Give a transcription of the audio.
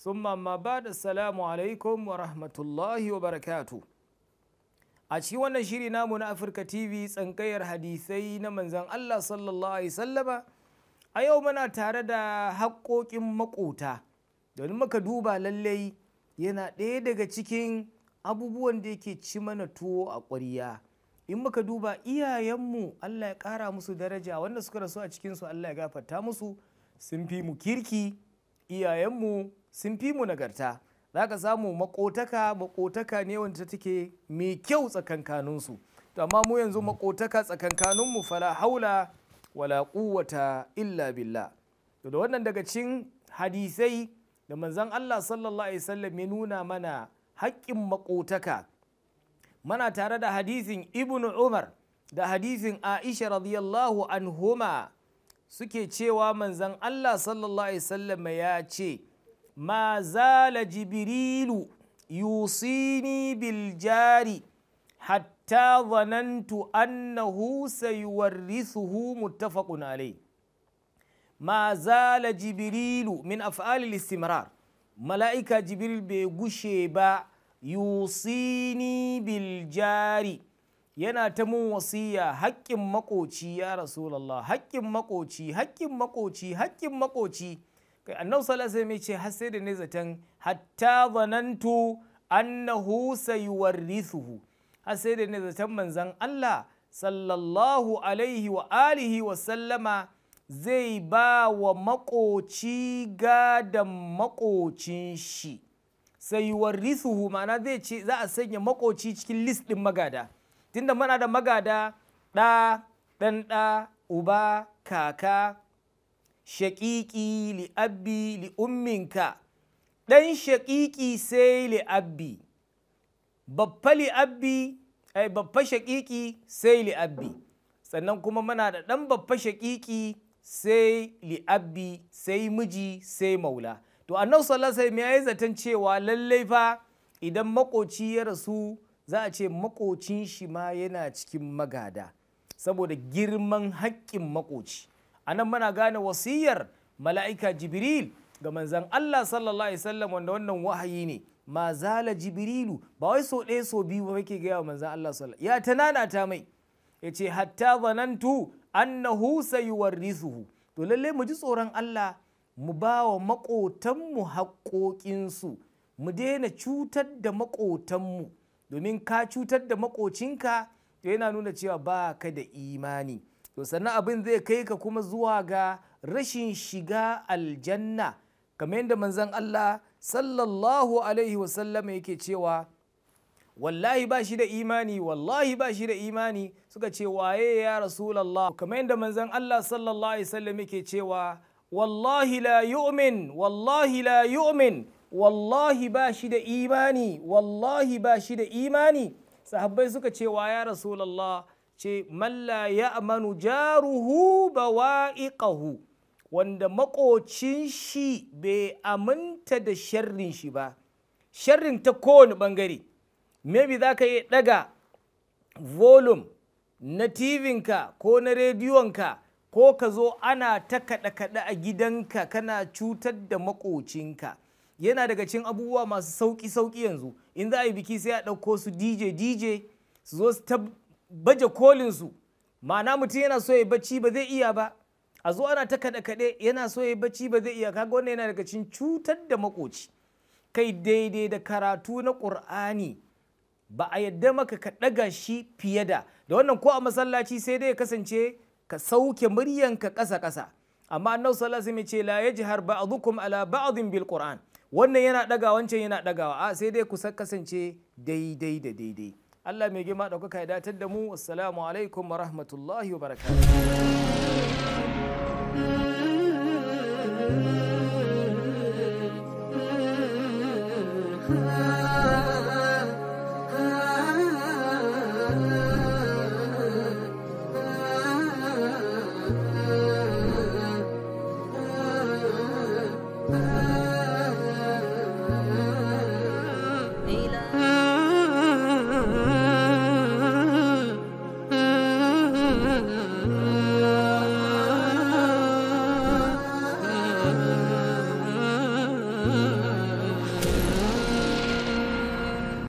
summa amma ba da salamu alaikum wa rahmatullahi wa barakatu a cikin wannan shiri namu na afirka tv tsankayar hadisai na manzan allah sallallahu alaihi sallama a yau muna tare da haƙoƙin maƙota domin muka duba lallai yana ɗaya daga cikin abubuwan da yake ci mana tuwo a ƙwariya in muka duba iyayenmu allah ya ƙara musu daraja wanda suka rasu a cikinsu allah ya gafarta musu sun fi mu kirki iyayenmu sun fi mu nagarta za ka samu makotaka makotaka ne wanda take mai kyau tsakankaninsu to amma mu yanzu mm. makotaka tsakankaninmu fala haula wala quwwata illa billa. to da wannan daga cikin hadisai da manzon Allah sallallahu alaihi wasallam ya nuna mana haƙƙin makotaka mana tare da hadisin ibnu umar da hadisin aisha radiyallahu anhuma suke cewa manzon Allah sallallahu alaihi wasallam ya ce ما زال جبريل يوصيني بالجار حتى ظننت أنه سيورثه متفق عليه ما زال جبريل من أفعال الاستمرار ملائكة جبريل بيغشيبا يوصيني بالجار ينا تمو وصية wasiya مقوشي يا رسول الله haƙƙin مقوشي haƙƙin مقوشي haƙƙin مقوشي kai annabi sallallahu alaihi wasallam ce har sai da ne zaton hatta zanantu annahu sayuwarrithuhu har sai da ne zaton manzon Allah sallallahu alaihi wa alihi wa sallama zai ba wa makoci gadon makocin shi sayuwarrithuhu ma'ana zai ce za a sanya makoci cikin list din magada tunda muna da magada ɗa ɗan ɗa uba kaka shaƙiƙi li'abbi li'umminka ɗan shaƙiƙi sai li'abbi babba li'abbi ai babba shaƙiƙi sai li'abbi sannan kuma muna da ɗan babba shaƙiƙi sai li'abbi sai miji sai maula to annabi sallallahu alaihi wasallam ya yi zaton cewa lallai fa idan makoci ya rasu za a ce makocin shi ma yana cikin magada saboda girman haƙƙin makoci a nan muna gane wasiyar mala'ika jibril ga manzan Allah sallallahu alaihi wasallam wanda wannan wahayi ne ma zala jibrilu ba wai so ɗaya so biyu ba yake gaya wa manzan Allah sallallahu ya ta mai ya ce hatta zanantu annahu sayuwarrisuhu to lalle mu ji tsoron Allah mu ba wa maƙotanmu haƙoƙinsu mu daina cutar da maƙotanmu domin ka cutar da maƙocinka yana nuna cewa ba ka da imani to sannan abin zai kai ka kuma zuwa ga rashin shiga aljanna kamar yadda manzon Allah sallallahu alaihi wasallam yake cewa wallahi ba shi da imani wallahi ba shi da imani suka ce waye ya rasulallah kamar yadda manzon Allah sallallahu alaihi wasallam yake cewa wallahi la yu'min wallahi la yu'min wallahi ba shi da imani wallahi ba shi da imani sahabbai suka ce wa ya rasulallah ce malla ya amanu jaruhu bawa'iqahu wanda makocin shi bai aminta da sharrin shi ba sharrin ta kowane bangare maybe za ka iya daga volume na tivinka ko na rediyonka ko ka zo ana ta kaɗe-kaɗe a gidanka kana cutar da makocinka yana daga cin abubuwa masu sauƙi-sauƙi yanzu in za a yi biki sai a ɗauko su dj dj su zo su baje kolinsu ma'ana mutum yana so ya bacci ba zai iya ba a zo ana ta kaɗe-kaɗe yana so ya bacci ba zai iya kaga wannan yana daga cikin cutar da makoci kai daidai da karatu na ƙur'ani ba a yadda maka ka ɗaga shi fiye da da wannan ko a masallaci sai dai ya kasance ka sauke muryanka ƙasa-ƙasa amma annabi sallallahu alaihi wasallam ce la yajhar ba'dukum ala ba'dhin bil qur'an wannan yana ɗaga wancan yana ɗagawa a sai dai ku kasance daidai da daidai Allah mai girma ɗaukaka ya datar da mu assalamu alaikum wa rahmatullahi wa barakatuh